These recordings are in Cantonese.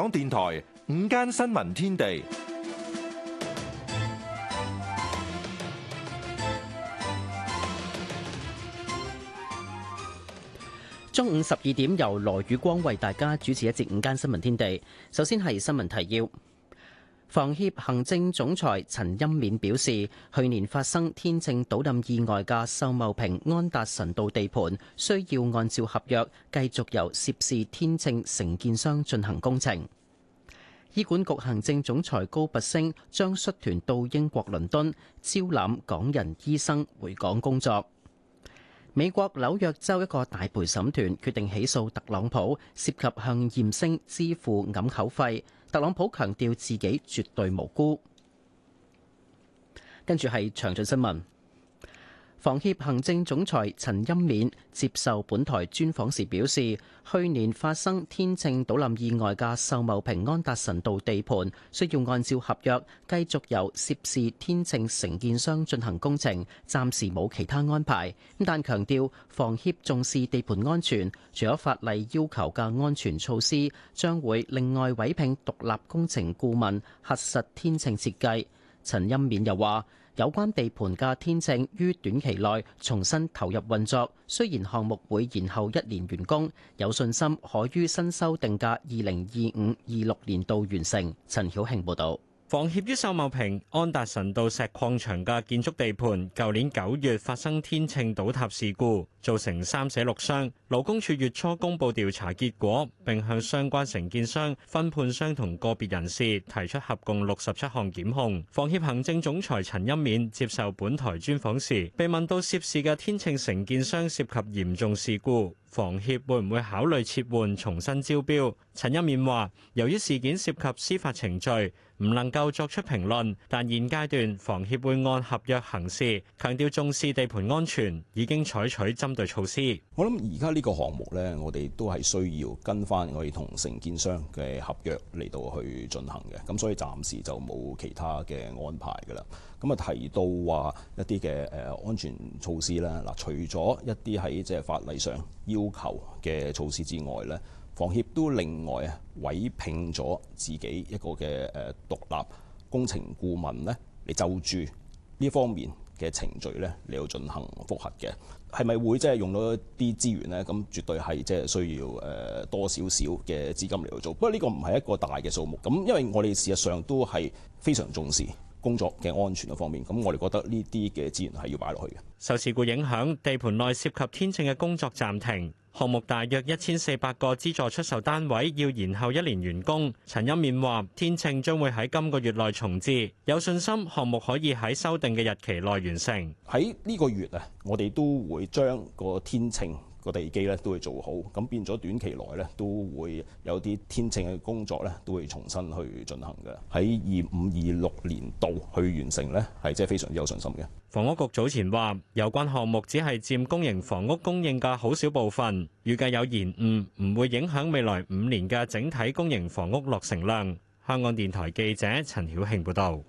港電台午間新聞天地，中午十二點由羅宇光為大家主持一節午間新聞天地。首先係新聞提要。房協行政總裁陳欽勉表示，去年發生天秤倒冧意外嘅秀茂坪安達臣道地盤，需要按照合約繼續由涉事天秤承建商進行工程。醫管局行政總裁高拔升將率團到英國倫敦，招攬港人醫生回港工作。美國紐約州一個大陪審團決定起訴特朗普，涉及向艷星支付揞口費。特朗普強調自己絕對無辜。跟住係詳盡新聞。房協行政總裁陳欽勉接受本台專訪時表示，去年發生天秤倒冧意外嘅秀茂坪安達臣道地盤，需要按照合約繼續由涉事天秤承建商進行工程，暫時冇其他安排。但強調房協重視地盤安全，除咗法例要求嘅安全措施，將會另外委聘獨立工程顧問核實天秤設計。陳欽勉又話：有關地盤嘅天秤於短期內重新投入運作，雖然項目會延後一年完工，有信心可於新修定價二零二五、二六年度完成。陳曉慶報導。房協於秀茂坪安達臣道石礦場嘅建築地盤，舊年九月發生天秤倒塌事故，造成三死六傷。勞工處月初公布調查結果，並向相關承建商、分判商同個別人士提出合共六十七項檢控。房協行政總裁陳一勉接受本台專訪時，被問到涉事嘅天秤承建商涉及嚴重事故，房協會唔會考慮撤換、重新招標？陳一勉話：由於事件涉及司法程序。唔能夠作出評論，但現階段房協會按合約行事，強調重視地盤安全，已經採取針對措施。我諗而家呢個項目咧，我哋都係需要跟翻我哋同承建商嘅合約嚟到去進行嘅，咁所以暫時就冇其他嘅安排噶啦。咁啊提到話一啲嘅誒安全措施啦，嗱，除咗一啲喺即係法例上要求嘅措施之外咧。房協都另外啊委聘咗自己一個嘅誒獨立工程顧問咧，你就住呢方面嘅程序咧，你要進行複核嘅，係咪會即係用到一啲資源咧？咁絕對係即係需要誒多少少嘅資金嚟到做。不過呢個唔係一個大嘅數目，咁因為我哋事實上都係非常重視工作嘅安全嗰方面。咁我哋覺得呢啲嘅資源係要擺落去嘅。受事故影響，地盤內涉及天秤嘅工作暫停。項目大約一千四百個資助出售單位要延後一年完工。陳一勉話：天秤將會喺今個月內重置，有信心項目可以喺修訂嘅日期內完成。喺呢個月啊，我哋都會將個天秤。個地基咧都會做好，咁變咗短期內咧都會有啲天秤嘅工作咧都會重新去進行嘅。喺二五二六年度去完成咧，係即係非常之有信心嘅。房屋局早前話，有關項目只係佔公營房屋供應嘅好少部分，預計有延誤，唔會影響未來五年嘅整體公營房屋落成量。香港電台記者陳曉慶報道。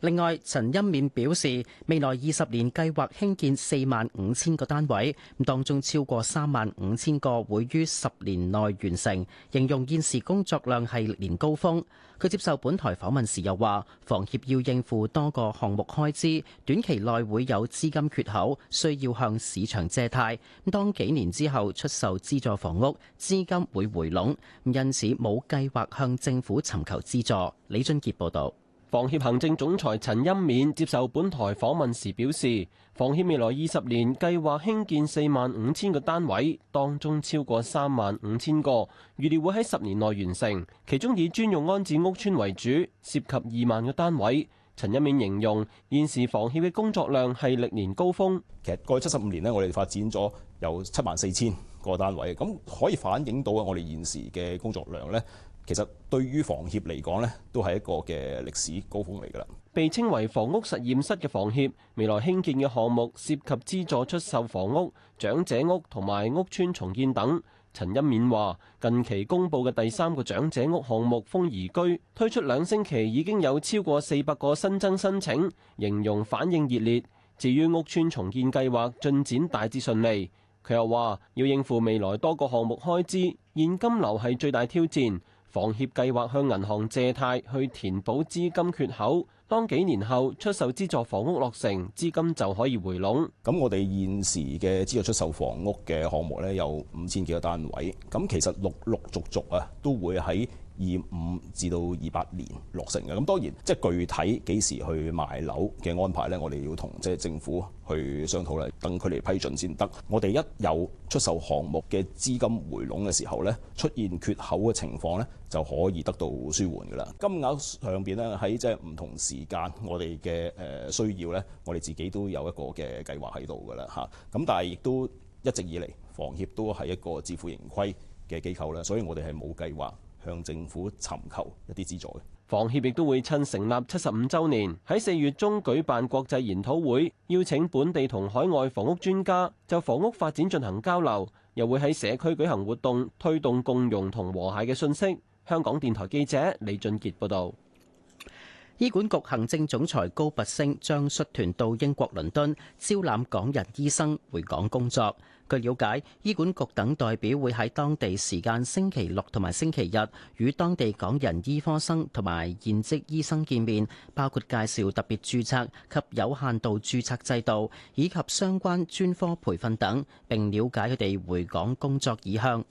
另外，陳欣勉表示，未來二十年計劃興建四萬五千個單位，當中超過三萬五千個會於十年內完成。形容現時工作量係歷年高峰。佢接受本台訪問時又話，房協要應付多個項目開支，短期內會有資金缺口，需要向市場借貸，當幾年之後出售資助房屋，資金會回籠，因此冇計劃向政府尋求資助。李俊傑報道。房協行政總裁陳欣勉接受本台訪問時表示，房協未來二十年計劃興建四萬五千個單位，當中超過三萬五千個預料會喺十年內完成，其中以專用安置屋邨為主，涉及二萬個單位。陳欣勉形容現時房協嘅工作量係歷年高峰。其實過去七十五年咧，我哋發展咗有七萬四千個單位，咁可以反映到我哋現時嘅工作量呢。其實對於房協嚟講呢都係一個嘅歷史高峰嚟㗎啦。被稱為房屋實驗室嘅房協，未來興建嘅項目涉及資助出售房屋、長者屋同埋屋邨重建等。陳欣勉話：近期公佈嘅第三個長者屋項目豐頤居推出兩星期已經有超過四百個新增申請，形容反應熱烈。至於屋邨重建計劃進展大致順利，佢又話要應付未來多個項目開支，現金流係最大挑戰。房協計劃向銀行借貸去填補資金缺口，當幾年後出售資助房屋落成，資金就可以回籠。咁我哋現時嘅資助出售房屋嘅項目呢，有五千幾個單位，咁其實陸陸續續啊，都會喺。二五至到二八年落成嘅。咁當然即係具體幾時去賣樓嘅安排咧，我哋要同即係政府去商討啦，等佢哋批准先得。我哋一有出售項目嘅資金回籠嘅時候咧，出現缺口嘅情況咧，就可以得到舒緩㗎啦。金額上邊咧喺即係唔同時間，我哋嘅誒需要咧，我哋自己都有一個嘅計劃喺度㗎啦吓，咁但係亦都一直以嚟，房協都係一個自負盈虧嘅機構啦，所以我哋係冇計劃。向政府尋求一啲資助嘅。房協亦都會趁成立七十五週年喺四月中舉辦國際研討會，邀請本地同海外房屋專家就房屋發展進行交流，又會喺社區舉行活動，推動共融同和、和諧嘅訊息。香港電台記者李俊傑報道。醫管局行政總裁高拔升將率團到英國倫敦，招攬港人醫生回港工作。據了解，醫管局等代表會喺當地時間星期六同埋星期日與當地港人醫科生同埋現職醫生見面，包括介紹特別注冊及有限度注冊制度，以及相關專科培訓等，並了解佢哋回港工作意向。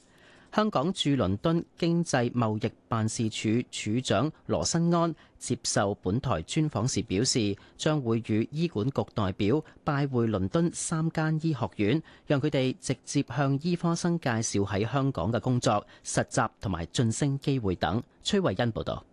香港駐倫敦經濟貿易辦事處處長羅新安接受本台專訪時表示，將會與醫管局代表拜會倫敦三間醫學院，讓佢哋直接向醫科生介紹喺香港嘅工作實習同埋晉升機會等。崔慧欣報道。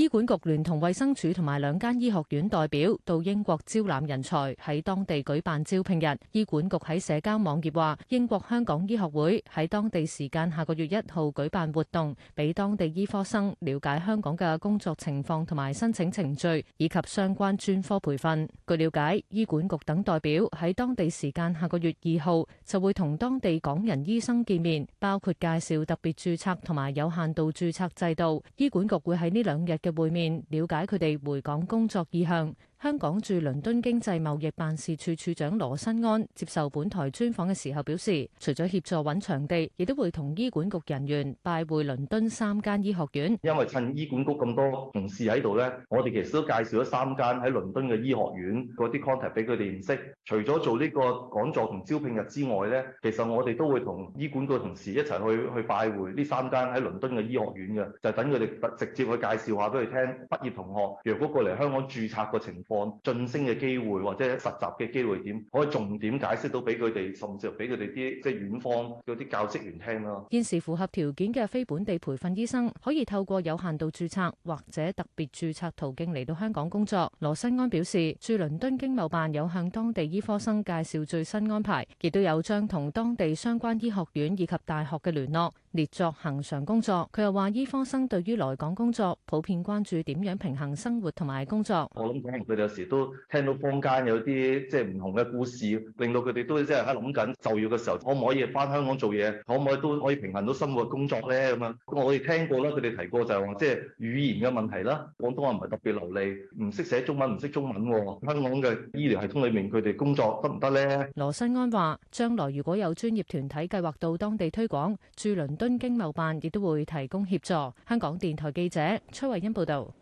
醫管局聯同衛生署同埋兩間醫學院代表到英國招攬人才，喺當地舉辦招聘日。醫管局喺社交網頁話，英國香港醫學會喺當地時間下個月一號舉辦活動，俾當地醫科生了解香港嘅工作情況同埋申請程序以及相關專科培訓。據了解，醫管局等代表喺當地時間下個月二號就會同當地港人醫生見面，包括介紹特別註冊同埋有限度註冊制度。醫管局會喺呢兩日嘅。會面，了解佢哋回港工作意向。香港駐倫敦經濟貿易辦事處處長羅新安接受本台專訪嘅時候表示，除咗協助揾場地，亦都會同醫管局人員拜會倫敦三間醫學院。因為趁醫管局咁多同事喺度呢，我哋其實都介紹咗三間喺倫敦嘅醫學院嗰啲 contact 俾佢哋認識。除咗做呢個講座同招聘日之外呢，其實我哋都會同醫管局同事一齊去去拜會呢三間喺倫敦嘅醫學院嘅，就是、等就等佢哋直接去介紹下俾佢聽。畢業同學若果過嚟香港註冊嘅情按晉升嘅機會或者實習嘅機會點可以重點解釋到俾佢哋，甚至俾佢哋啲即係院方嗰啲教職員聽咯。現時符合條件嘅非本地培訓醫生可以透過有限度注冊或者特別注冊途徑嚟到香港工作。羅新安表示，駐倫敦經貿辦有向當地醫科生介紹最新安排，亦都有將同當地相關醫學院以及大學嘅聯絡列作恒常工作。佢又話：醫科生對於來港工作，普遍關注點樣平衡生活同埋工作。我諗可能佢哋有時都聽到坊間有啲即係唔同嘅故事，令到佢哋都即係喺諗緊就業嘅時候，可唔可以返香港做嘢？可唔可以都可以平衡到生活工作咧？咁樣，我哋聽過啦，佢哋提過就係話即係語言嘅問題啦，廣東話唔係特別流利，唔識寫中文，唔識中文喎。香港嘅醫療系統裏面，佢哋工作得唔得咧？羅新安話：將來如果有專業團體計劃到當地推廣駐輪敦經貿辦亦都會提供協助。香港電台記者崔慧欣報道。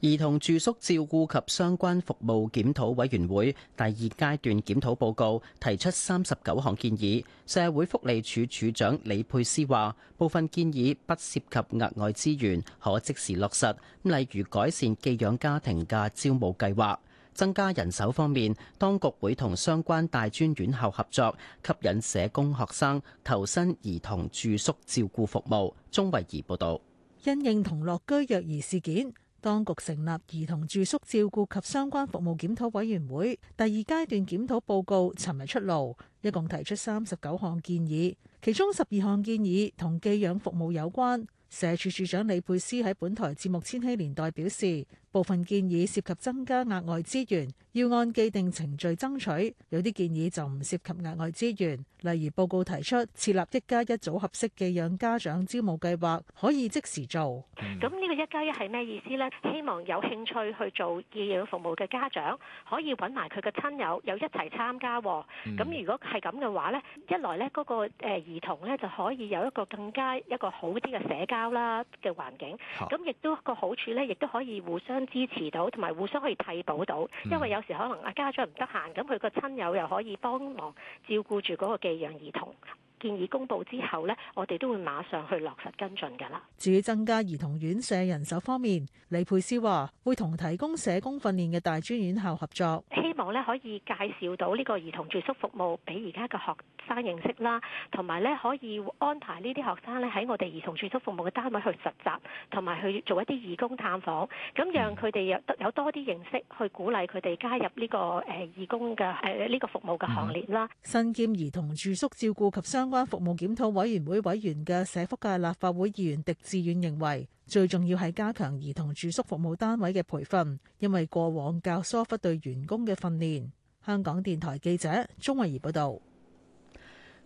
兒童住宿照顧及相關服務檢討委員會第二階段檢討報告提出三十九項建議。社會福利署署長李佩斯話：部分建議不涉及額外資源，可即時落實，例如改善寄養家庭嘅招募計劃。增加人手方面，當局會同相關大專院校合作，吸引社工學生投身兒童住宿照顧服務。鍾慧儀報道。因應同樂居虐兒事件，當局成立兒童住宿照顧及相關服務檢討委員會，第二階段檢討報告尋日出爐，一共提出三十九項建議，其中十二項建議同寄養服務有關，社署署長李佩斯喺本台節目《千禧年代》表示。部分建議涉及增加額外資源，要按既定程序爭取。有啲建議就唔涉及額外資源，例如報告提出設立一加一組合式寄養家長招募計劃，可以即時做。咁呢個一加一係咩意思呢？希望有興趣去做寄養服務嘅家長可以揾埋佢嘅親友，有一齊參加。咁如果係咁嘅話呢，一來呢嗰個誒兒童呢就可以有一個更加一個好啲嘅社交啦嘅環境。咁亦都個好處呢，亦都可以互相，支持到，同埋互相可以替補到，因為有時可能阿家長唔得閒，咁佢個親友又可以幫忙照顧住嗰個寄養兒童。建議公佈之後呢，我哋都會馬上去落實跟進㗎啦。至於增加兒童院舍人手方面，李佩斯話會同提供社工訓練嘅大專院校合作，希望呢可以介紹到呢個兒童住宿服務俾而家嘅學生認識啦，同埋呢可以安排呢啲學生呢喺我哋兒童住宿服務嘅單位去實習，同埋去做一啲義工探訪，咁讓佢哋有多啲認識，去鼓勵佢哋加入呢個誒義工嘅誒呢個服務嘅行列啦。嗯、新兼兒童住宿照顧及相相關服務檢討委員會委員嘅社福界立法會議員狄志遠認為，最重要係加強兒童住宿服務單位嘅培訓，因為過往較疏忽對員工嘅訓練。香港電台記者鍾慧儀報道：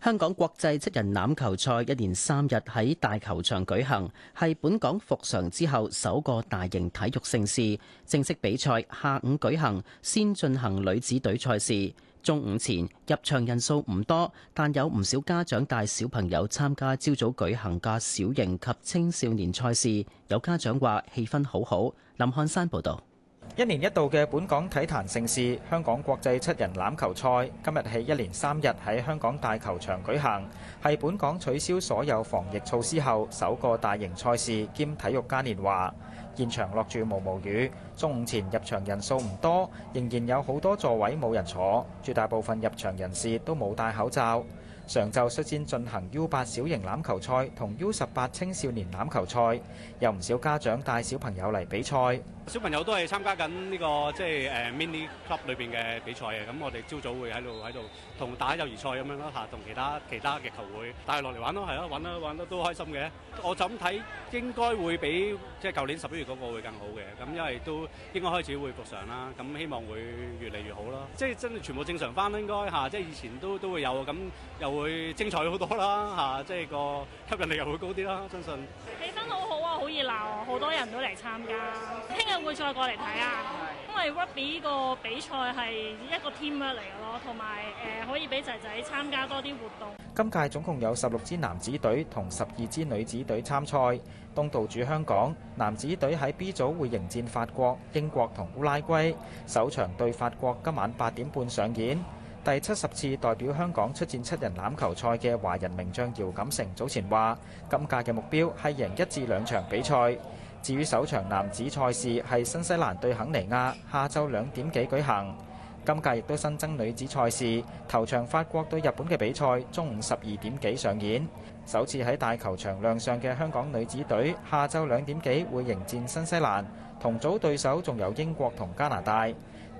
香港國際七人欖球賽一連三日喺大球場舉行，係本港復常之後首個大型體育盛事。正式比賽下午舉行，先進行女子隊賽事。中午前入場人數唔多，但有唔少家長帶小朋友參加朝早舉行嘅小型及青少年賽事。有家長話氣氛好好。林漢山報導。一年一度嘅本港體壇盛事——香港國際七人欖球賽，今日起一連三日喺香港大球場舉行，係本港取消所有防疫措施後首個大型賽事兼體育嘉年華。現場落住毛毛雨，中午前入場人數唔多，仍然有好多座位冇人坐。絕大部分入場人士都冇戴口罩。上晝率先進行 U8 小型欖球賽同 U18 青少年欖球賽，有唔少家長帶小朋友嚟比賽。小朋友都係參加緊呢個即係誒 mini club 裏邊嘅比賽嘅，咁我哋朝早會喺度喺度同打友誼賽咁樣啦嚇，同其他其他嘅球會帶落嚟玩咯，係啊，玩得玩得都開心嘅。我就咁睇，應該會比即係舊年十一月嗰個會更好嘅，咁因為都應該開始會復常啦。咁希望會越嚟越好啦，即係真係全部正常返啦，應該嚇，即係以前都都會有，咁又會精彩好多啦嚇，即係個吸引力又會高啲啦，相信。氣氛好好。好熱鬧，好多人都嚟參加。聽日會再過嚟睇啊，因為 rugby 個比賽係一個 team 嚟嘅咯，同埋誒可以畀仔仔參加多啲活動。今屆總共有十六支男子隊同十二支女子隊參賽。東道主香港，男子隊喺 B 組會迎戰法國、英國同烏拉圭，首場對法國，今晚八點半上演。第七十次代表香港出戰七人欖球賽嘅華人名將姚錦成早前話今屆嘅目標係贏一至兩場比賽。至於首場男子賽事係新西蘭對肯尼亞，下晝兩點幾舉行。今屆亦都新增女子賽事，頭場法國對日本嘅比賽中午十二點幾上演。首次喺大球場亮相嘅香港女子隊，下晝兩點幾會迎戰新西蘭，同組對手仲有英國同加拿大。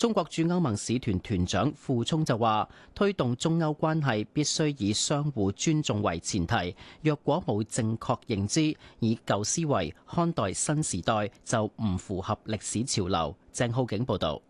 中國駐歐盟使團團長傅聰就話，推動中歐關係必須以相互尊重為前提。若果冇正確認知，以舊思維看待新時代，就唔符合歷史潮流。鄭浩景報道。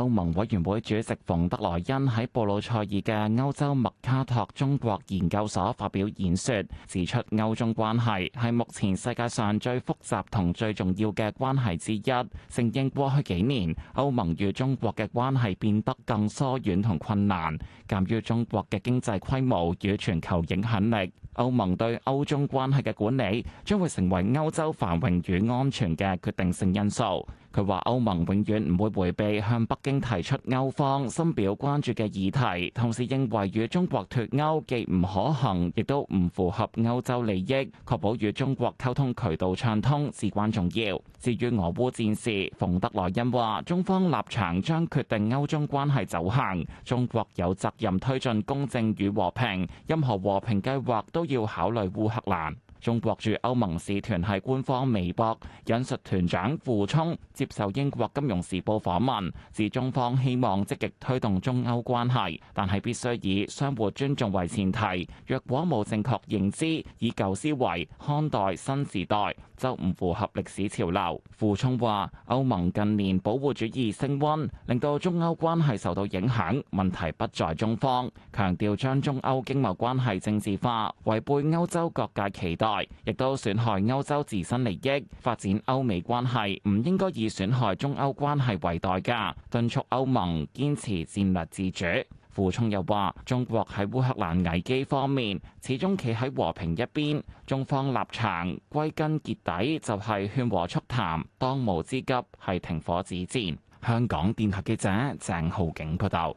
歐盟委員會主席馮德萊恩喺布魯塞爾嘅歐洲麥卡托中國研究所發表演說，指出歐中關係係目前世界上最複雜同最重要嘅關係之一。承認過去幾年歐盟與中國嘅關係變得更疏遠同困難。鑒於中國嘅經濟規模與全球影響力，歐盟對歐中關係嘅管理將會成為歐洲繁榮與安全嘅決定性因素。佢話：歐盟永遠唔會迴避向北京提出歐方深表關注嘅議題，同時認為與中國脫歐既唔可行，亦都唔符合歐洲利益。確保與中國溝通渠道暢通至關重要。至於俄烏戰事，馮德萊恩話：中方立場將決定歐中關係走向。中國有責任推進公正與和平，任何和平計劃都要考慮烏克蘭。中國駐歐盟使團喺官方微博引述團長傅聰接受英國金融時報訪問，指中方希望積極推動中歐關係，但係必須以相互尊重為前提。若果冇正確認知，以舊思維看待新時代，就唔符合歷史潮流。傅聰話：歐盟近年保護主義升溫，令到中歐關係受到影響，問題不在中方。強調將中歐經貿關係政治化，違背歐洲各界期待，亦都損害歐洲自身利益。發展歐美關係唔應該以損害中歐關係為代價，敦促歐盟堅持戰略自主。傅聰又話：中國喺烏克蘭危機方面始終企喺和平一邊，中方立場歸根結底就係勸和促談，當務之急係停火止戰。香港電台記者鄭浩景報道。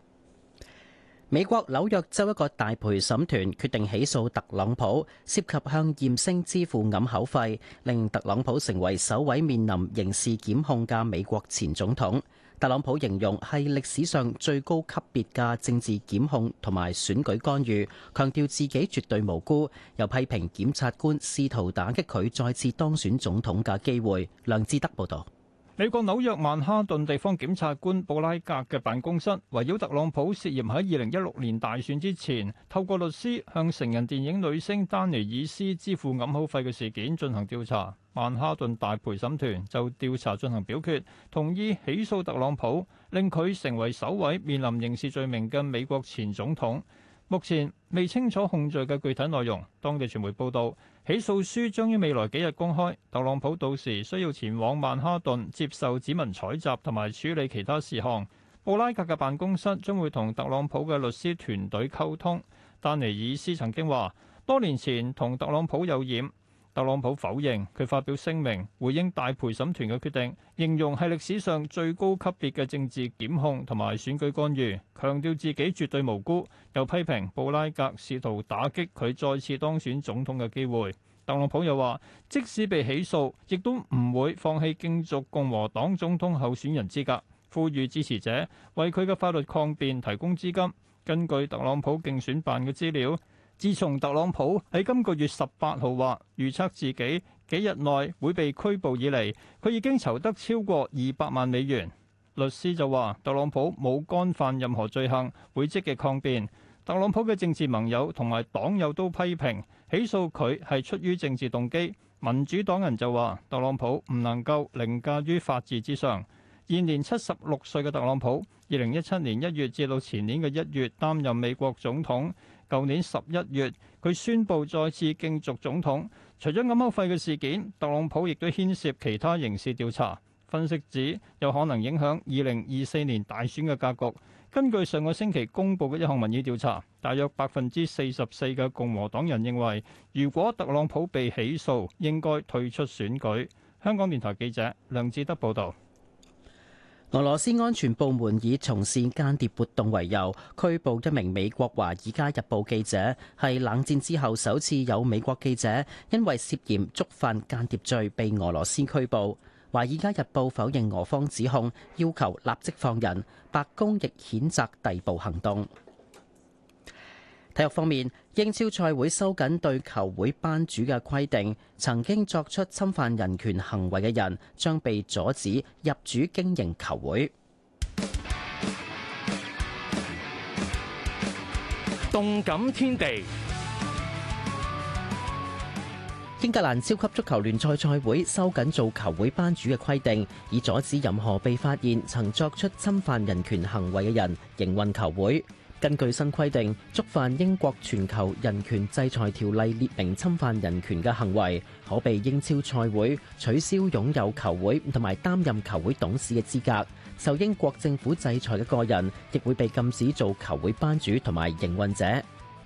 美國紐約州一個大陪審團決定起訴特朗普，涉及向艷星支付暗口費，令特朗普成為首位面臨刑事檢控嘅美國前總統。特朗普形容係歷史上最高級別嘅政治檢控同埋選舉干預，強調自己絕對無辜，又批評檢察官試圖打擊佢再次當選總統嘅機會，梁志德報道。美國紐約曼哈頓地方檢察官布拉格嘅辦公室，圍繞特朗普涉嫌喺二零一六年大選之前，透過律師向成人電影女星丹尼爾斯支付揞口費嘅事件進行調查。曼哈頓大陪審團就調查進行表決，同意起訴特朗普，令佢成為首位面臨刑事罪名嘅美國前總統。目前未清楚控罪嘅具體內容。當地傳媒報道。起訴書將於未來幾日公開。特朗普到時需要前往曼哈頓接受指紋採集，同埋處理其他事項。布拉格嘅辦公室將會同特朗普嘅律師團隊溝通。丹尼爾斯曾經話，多年前同特朗普有染。特朗普否認，佢發表聲明回應大陪審團嘅決定，形容係歷史上最高級別嘅政治檢控同埋選舉干預，強調自己絕對無辜，又批評布拉格試圖打擊佢再次當選總統嘅機會。特朗普又話，即使被起訴，亦都唔會放棄競逐共和黨總統候選人資格，呼籲支持者為佢嘅法律抗辯提供資金。根據特朗普競選辦嘅資料，自從特朗普喺今個月十八號話預測自己幾日內會被拘捕以嚟，佢已經籌得超過二百萬美元。律師就話：特朗普冇干犯任何罪行，會積極抗辯。特朗普嘅政治盟友同埋黨友都批評，起訴佢係出於政治動機。民主黨人就話：特朗普唔能夠凌駕於法治之上。現年七十六歲嘅特朗普，二零一七年一月至到前年嘅一月擔任美國總統。舊年十一月，佢宣布再次競逐總統。除咗掩口費嘅事件，特朗普亦都牽涉其他刑事調查。分析指有可能影響二零二四年大選嘅格局。根據上個星期公布嘅一項民意調查，大約百分之四十四嘅共和黨人認為，如果特朗普被起訴，應該退出選舉。香港電台記者梁志德報道。俄羅斯安全部門以從事間諜活動為由拘捕一名美國《華爾街日報》記者，係冷戰之後首次有美國記者因為涉嫌觸犯間諜罪被俄羅斯拘捕。《華爾街日報》否認俄方指控，要求立即放人。白宮亦譴責逮捕行動。體育方面，英超賽會收緊對球會班主嘅規定，曾經作出侵犯人權行為嘅人將被阻止入主經營球會。動感天地，英格蘭超級足球聯賽賽會收緊做球會班主嘅規定，以阻止任何被發現曾作出侵犯人權行為嘅人營運球會。根據新規定，觸犯英國全球人權制裁條例列明侵犯人權嘅行為，可被英超賽會取消擁有球會同埋擔任球會董事嘅資格；受英國政府制裁嘅個人，亦會被禁止做球會班主同埋營運者。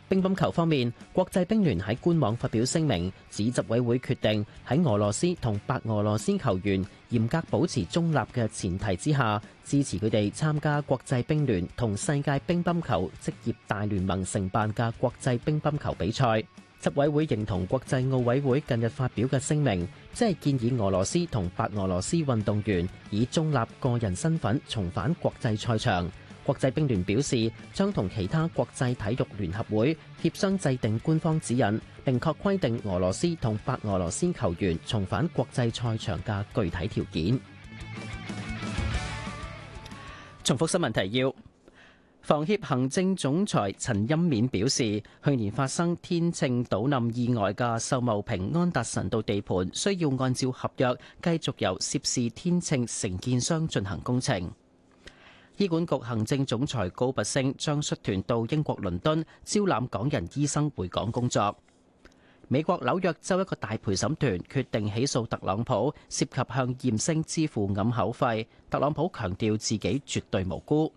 乒乓球方面，國際乒聯喺官網發表聲明，指執委會決定喺俄羅斯同白俄羅斯球員嚴格保持中立嘅前提之下，支持佢哋參加國際乒聯同世界乒乓球職業大聯盟承辦嘅國際乒乓球比賽。執委會認同國際奧委會近日發表嘅聲明，即係建議俄羅斯同白俄羅斯運動員以中立個人身份重返國際賽場。國際冰聯表示，將同其他國際體育聯合會協商制定官方指引，明確規定俄羅斯同白俄羅斯球員重返國際賽場嘅具體條件。重複新聞提要：房協行政總裁陳欽勉表示，去年發生天秤倒冧意外嘅秀茂坪安達臣道地盤，需要按照合約繼續由涉事天秤承建商進行工程。醫管局行政總裁高拔陞將率團到英國倫敦招攬港人醫生回港工作。美國紐約州一個大陪審團決定起訴特朗普，涉及向艷星支付暗口費。特朗普強調自己絕對無辜。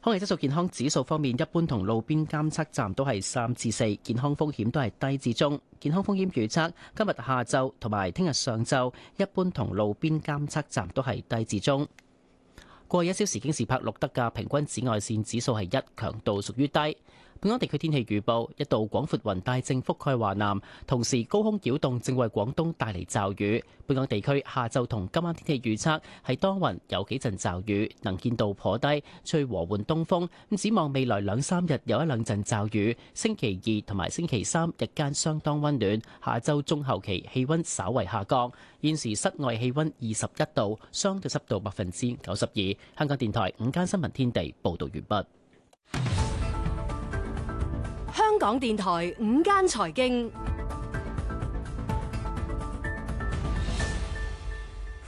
空氣質素健康指數方面，一般同路邊監測站都係三至四，健康風險都係低至中。健康風險預測今日下晝同埋聽日上晝，一般同路邊監測站都係低至中。過去一小時京士柏錄得嘅平均紫外線指數係一，強度屬於低。本港地區天氣預報：一道廣闊雲帶正覆蓋華南，同時高空擾動正為廣東帶嚟驟雨。本港地區下晝同今晚天氣預測係多雲，有幾陣驟雨，能見度頗低，吹和緩東風。咁展望未來兩三日有一兩陣驟雨。星期二同埋星期三日間相當溫暖，下晝中後期氣温稍為下降。現時室外氣温二十一度，相對濕度百分之九十二。香港電台午間新聞天地報導完畢。香港電台午間財經，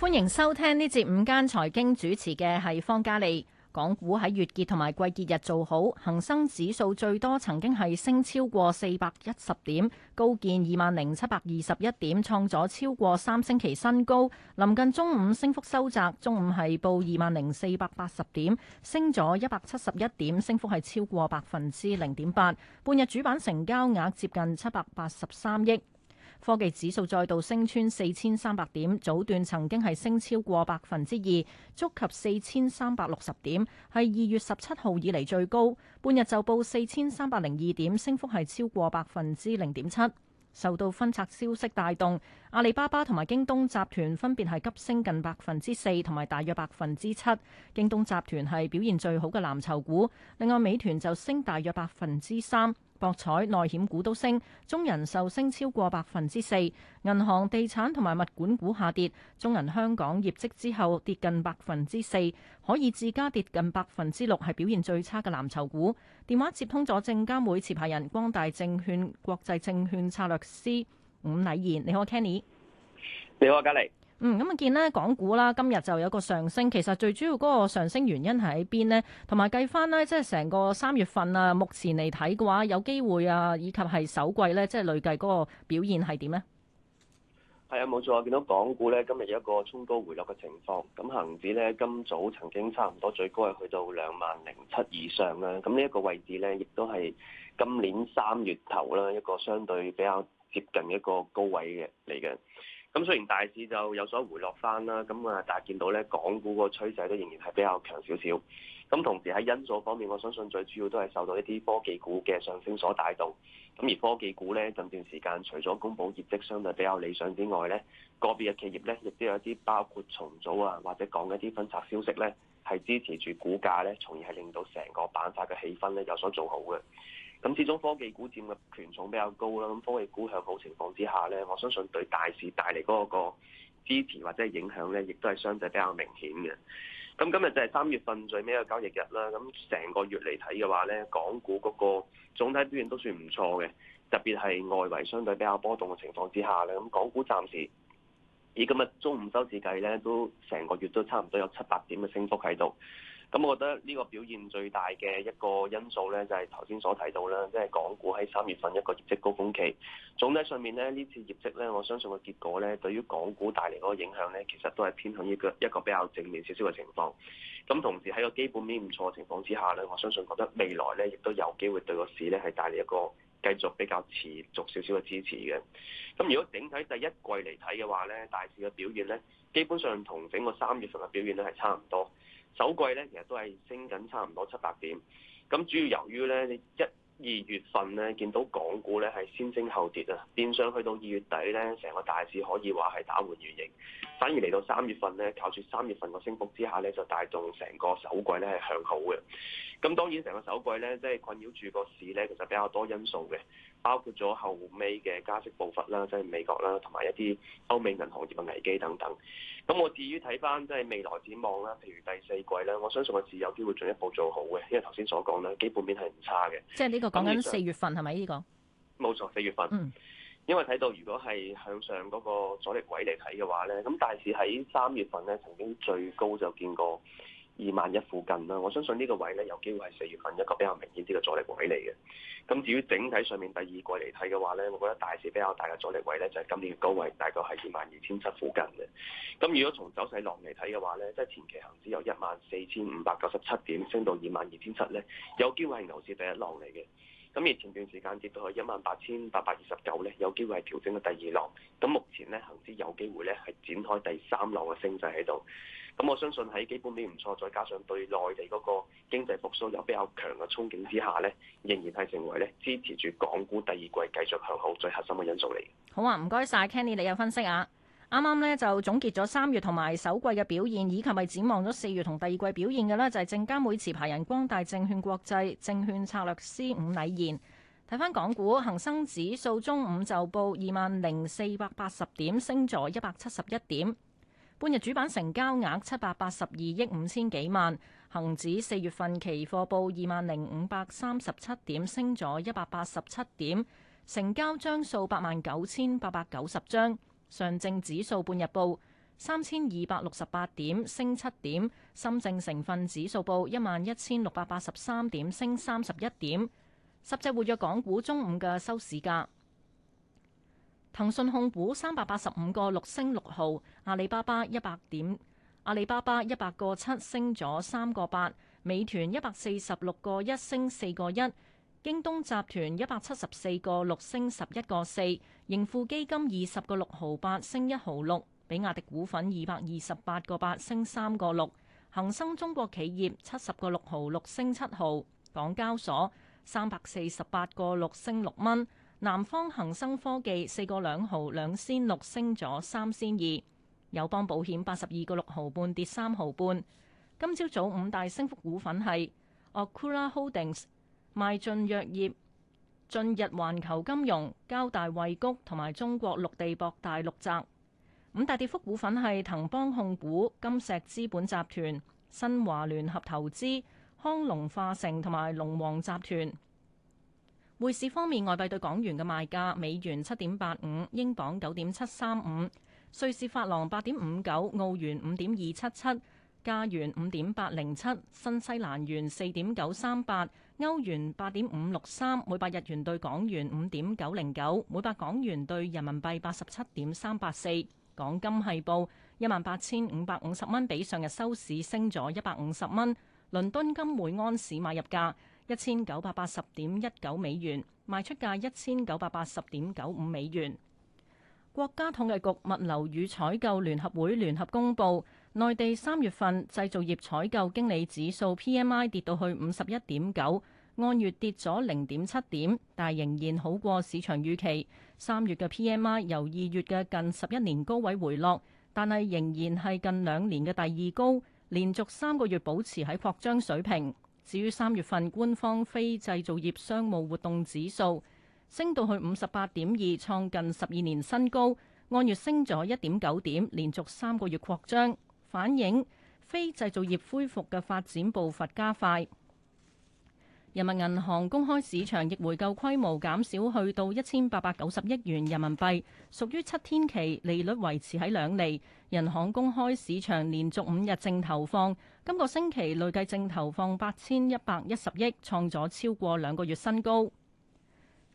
歡迎收聽呢節午間財經主持嘅係方嘉莉。港股喺月結同埋季結日做好，恒生指數最多曾經係升超過四百一十點，高見二萬零七百二十一點，創咗超過三星期新高。臨近中午，升幅收窄，中午係報二萬零四百八十點，升咗一百七十一點，升幅係超過百分之零點八。半日主板成交額接近七百八十三億。科技指數再度升穿四千三百點，早段曾經係升超過百分之二，觸及四千三百六十點，係二月十七號以嚟最高。半日就報四千三百零二點，升幅係超過百分之零點七。受到分拆消息帶動，阿里巴巴同埋京東集團分別係急升近百分之四同埋大約百分之七。京東集團係表現最好嘅藍籌股，另外美團就升大約百分之三。博彩內險股都升，中人壽升超過百分之四，銀行、地產同埋物管股下跌，中銀香港業績之後跌近百分之四，可以自家跌近百分之六，係表現最差嘅藍籌股。電話接通咗證監會持牌人光大證券國際證券策略師伍禮賢，你好，Kenny。你好，佳麗。嗯，咁啊，見呢，港股啦，今日就有個上升，其實最主要嗰個上升原因喺邊呢？同埋計返呢，即係成個三月份啊，目前嚟睇嘅話，有機會啊，以及係首季咧，即係累計嗰個表現係點呢？係啊，冇錯，見到港股咧，今日有一個衝高回落嘅情況。咁恒指咧，今早曾經差唔多最高係去到兩萬零七以上啦。咁呢一個位置咧，亦都係今年三月頭啦，一個相對比較接近一個高位嘅嚟嘅。咁雖然大市就有所回落翻啦，咁啊，但係見到咧，港股個趨勢都仍然係比較強少少。咁同時喺因素方面，我相信最主要都係受到一啲科技股嘅上升所帶動。咁而科技股咧，近段時間，除咗公佈業績相對比較理想之外咧，個別嘅企業咧亦都有一啲包括重組啊，或者講一啲分拆消息咧，係支持住股價咧，從而係令到成個板塊嘅氣氛咧有所做好嘅。咁始終科技股佔嘅權重比較高啦，咁科技股向好情況之下咧，我相信對大市帶嚟嗰個支持或者影響咧，亦都係相對比較明顯嘅。咁今日就係三月份最尾一個交易日啦，咁成個月嚟睇嘅話咧，港股嗰個總體表現都算唔錯嘅，特別係外圍相對比較波動嘅情況之下咧，咁港股暫時以今日中午收市計咧，都成個月都差唔多有七八點嘅升幅喺度。咁我覺得呢個表現最大嘅一個因素呢，就係頭先所提到啦，即係港股喺三月份一個業績高峰期。總體上面呢，呢次業績呢，我相信個結果呢，對於港股帶嚟嗰個影響呢，其實都係偏向於一,一個比較正面少少嘅情況。咁同時喺個基本面唔錯嘅情況之下呢，我相信覺得未來呢，亦都有機會對個市呢，係帶嚟一個繼續比較持續少少嘅支持嘅。咁如果整體第一季嚟睇嘅話呢，大市嘅表現呢，基本上同整個三月份嘅表現呢，係差唔多。首季咧，其實都係升緊，差唔多七八點。咁主要由於咧，一、二月份咧見到港股咧係先升後跌啊，變相去到二月底咧，成個大市可以話係打回原形。反而嚟到三月份咧，靠住三月份個升幅之下咧，就帶動成個首季咧係向好嘅。咁當然成個首季咧，即係困擾住個市咧，其實比較多因素嘅。包括咗後尾嘅加息步伐啦，即係美國啦，同埋一啲歐美銀行業嘅危機等等。咁我至於睇翻即係未來展望啦，譬如第四季咧，我相信我自有機會進一步做好嘅，因為頭先所講咧基本面係唔差嘅。即係呢個講緊四月份係咪呢個？冇錯，四月份。月份，嗯，因為睇到如果係向上嗰個阻力位嚟睇嘅話咧，咁大市喺三月份咧曾經最高就見過，二萬一附近啦，我相信呢個位咧有機會係四月份一個比較明顯啲嘅阻力位嚟嘅。咁至於整體上面第二季嚟睇嘅話咧，我覺得大市比較大嘅阻力位咧就係今年嘅高位，大概係二萬二千七附近嘅。咁如果從走勢浪嚟睇嘅話咧，即係前期恒指由一萬四千五百九十七點升到二萬二千七咧，有機會係牛市第一浪嚟嘅。咁而前段時間跌到去一萬八千八百二十九咧，有機會係調整到第二浪。咁目前咧恒指有機會咧係展開第三浪嘅升勢喺度。咁我相信喺基本面唔錯，再加上對內地嗰個經濟復甦有比較強嘅憧憬之下呢，仍然係成為呢支持住港股第二季繼續向好最核心嘅因素嚟。好啊，唔該晒，Kenny 你有分析啊。啱啱呢就總結咗三月同埋首季嘅表現，以及係展望咗四月同第二季表現嘅呢，就係證監會持牌人光大證券國際證券策略師伍禮賢。睇翻港股，恒生指數中午就報二萬零四百八十點，升咗一百七十一點。半日主板成交額七百八十二億五千幾萬，恒指四月份期貨報二萬零五百三十七點，升咗一百八十七點，成交張數八萬九千八百九十張。上證指數半日報三千二百六十八點，升七點；深證成分指數報一萬一千六百八十三點，升三十一點。十隻活躍港股中午嘅收市價。騰訊控股三百八十五個六升六毫，阿里巴巴一百點，阿里巴巴一百個七升咗三個八，美團一百四十六個一升四個一，京東集團一百七十四個六升十一個四，盈富基金二十個六毫八升一毫六，比亞迪股份二百二十八個八升三個六，恒生中國企業七十個六毫六升七毫，港交所三百四十八個六升六蚊。南方恒生科技四個兩毫兩仙六升咗三仙二，友邦保險八十二個六毫半跌三毫半。今朝早，早五大升幅股份係 Ocula Holdings 邁進藥業、進日環球金融、交大惠谷同埋中國陸地博大陸澤。五大跌幅股份係騰邦控股、金石資本集團、新華聯合投資、康龍化成同埋龍王集團。匯市方面，外幣對港元嘅賣價：美元七點八五，英鎊九點七三五，瑞士法郎八點五九，澳元五點二七七，加元五點八零七，新西蘭元四點九三八，歐元八點五六三，每百日元對港元五點九零九，每百港元對人民幣八十七點三八四。港金係報一萬八千五百五十蚊，18, 比上日收市升咗一百五十蚊。倫敦金每安士買入價。一千九百八十點一九美元，賣出價一千九百八十點九五美元。國家統計局物流與採購聯合會聯合公佈，內地三月份製造業採購經理指數 PMI 跌到去五十一點九，按月跌咗零點七點，但係仍然好過市場預期。三月嘅 PMI 由二月嘅近十一年高位回落，但係仍然係近兩年嘅第二高，連續三個月保持喺擴張水平。至於三月份官方非製造業商務活動指數升到去五十八點二，創近十二年新高，按月升咗一點九點，連續三個月擴張，反映非製造業恢復嘅發展步伐加快。人民銀行公開市場逆回購規模減少去到一千八百九十億元人民幣，屬於七天期利率維持喺兩厘。人行公開市場連續五日淨投放，今個星期累計淨投放八千一百一十億，創咗超過兩個月新高。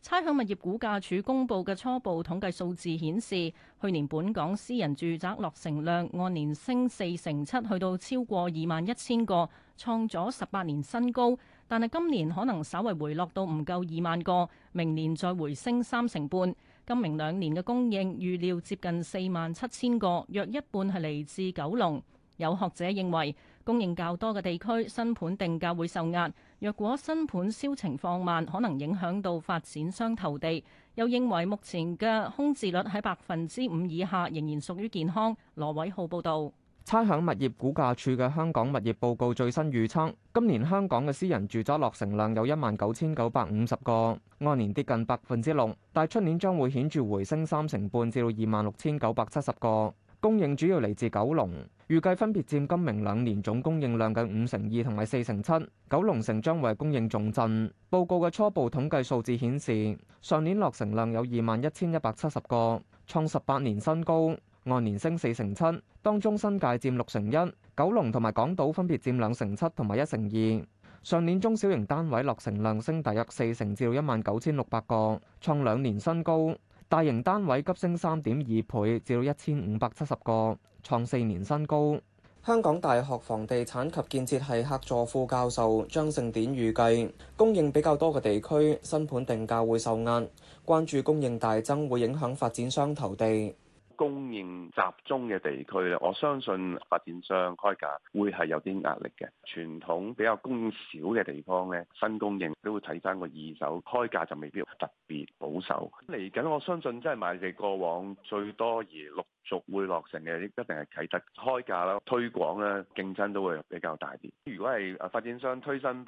差餉物業估價署公布嘅初步統計數字顯示，去年本港私人住宅落成量按年升四成七，去到超過二萬一千個，創咗十八年新高。但係今年可能稍為回落到唔夠二萬個，明年再回升三成半。今明兩年嘅供應預料接近四萬七千個，約一半係嚟自九龍。有學者認為供應較多嘅地區新盤定價會受壓，若果新盤銷情放慢，可能影響到發展商投地。又認為目前嘅空置率喺百分之五以下，仍然屬於健康。羅偉浩報導。差餉物業估價署嘅香港物業報告最新預測，今年香港嘅私人住宅落成量有一萬九千九百五十個，按年跌近百分之六，但係出年將會顯著回升三成半至到二萬六千九百七十個。供應主要嚟自九龍，預計分別佔今明兩年總供應量嘅五成二同埋四成七。九龍城將會係供應重鎮。報告嘅初步統計數字顯示，上年落成量有二萬一千一百七十個，創十八年新高。按年升四成七，當中新界佔六成一，九龍同埋港島分別佔兩成七同埋一成二。上年中小型單位落成量升大約四成，至一萬九千六百個，創兩年新高。大型單位急升三點二倍，至到一千五百七十個，創四年新高。香港大學房地產及建設系客座副教授張盛典預計，供應比較多嘅地區新盤定價會受壓，關注供應大增會影響發展商投地。供應集中嘅地區咧，我相信發展商開價會係有啲壓力嘅。傳統比較供應少嘅地方咧，新供應都會睇返個二手開價就未必特別保守。嚟緊我相信真係賣地過往最多而陸續會落成嘅，一定係啟德開價啦，推廣咧競爭都會比較大啲。如果係發展商推新盤，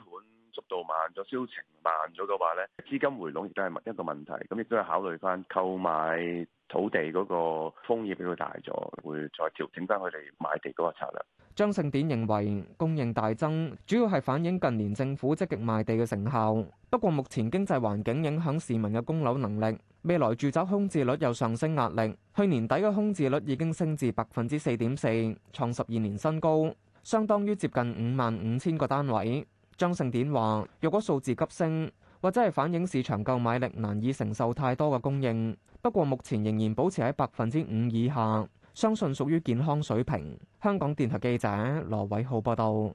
速度慢咗，銷情慢咗嘅話，咧，資金回籠亦都係問一個問題，咁亦都係考慮翻購買土地嗰個風險比較大咗，會再調整翻佢哋買地嗰個策略。張勝典認為供應大增主要係反映近年政府積極賣地嘅成效。不過目前經濟環境影響市民嘅供樓能力，未來住宅空置率有上升壓力。去年底嘅空置率已經升至百分之四點四，創十二年新高，相當於接近五萬五千個單位。張盛典話，若果數字急升，或者係反映市場購買力難以承受太多嘅供應，不過目前仍然保持喺百分之五以下，相信屬於健康水平。香港電台記者羅偉浩報道。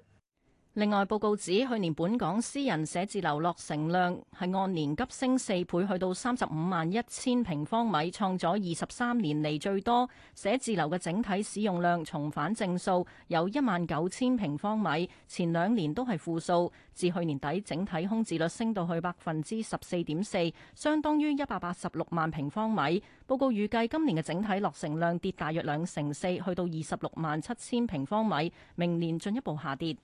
另外，報告指去年本港私人寫字樓落成量係按年急升四倍，去到三十五萬一千平方米，創咗二十三年嚟最多。寫字樓嘅整體使用量重返正數，有一萬九千平方米，前兩年都係負數。至去年底，整體空置率升到去百分之十四點四，相當於一百八十六萬平方米。報告預計今年嘅整體落成量跌大約兩成四，去到二十六萬七千平方米，明年進一步下跌。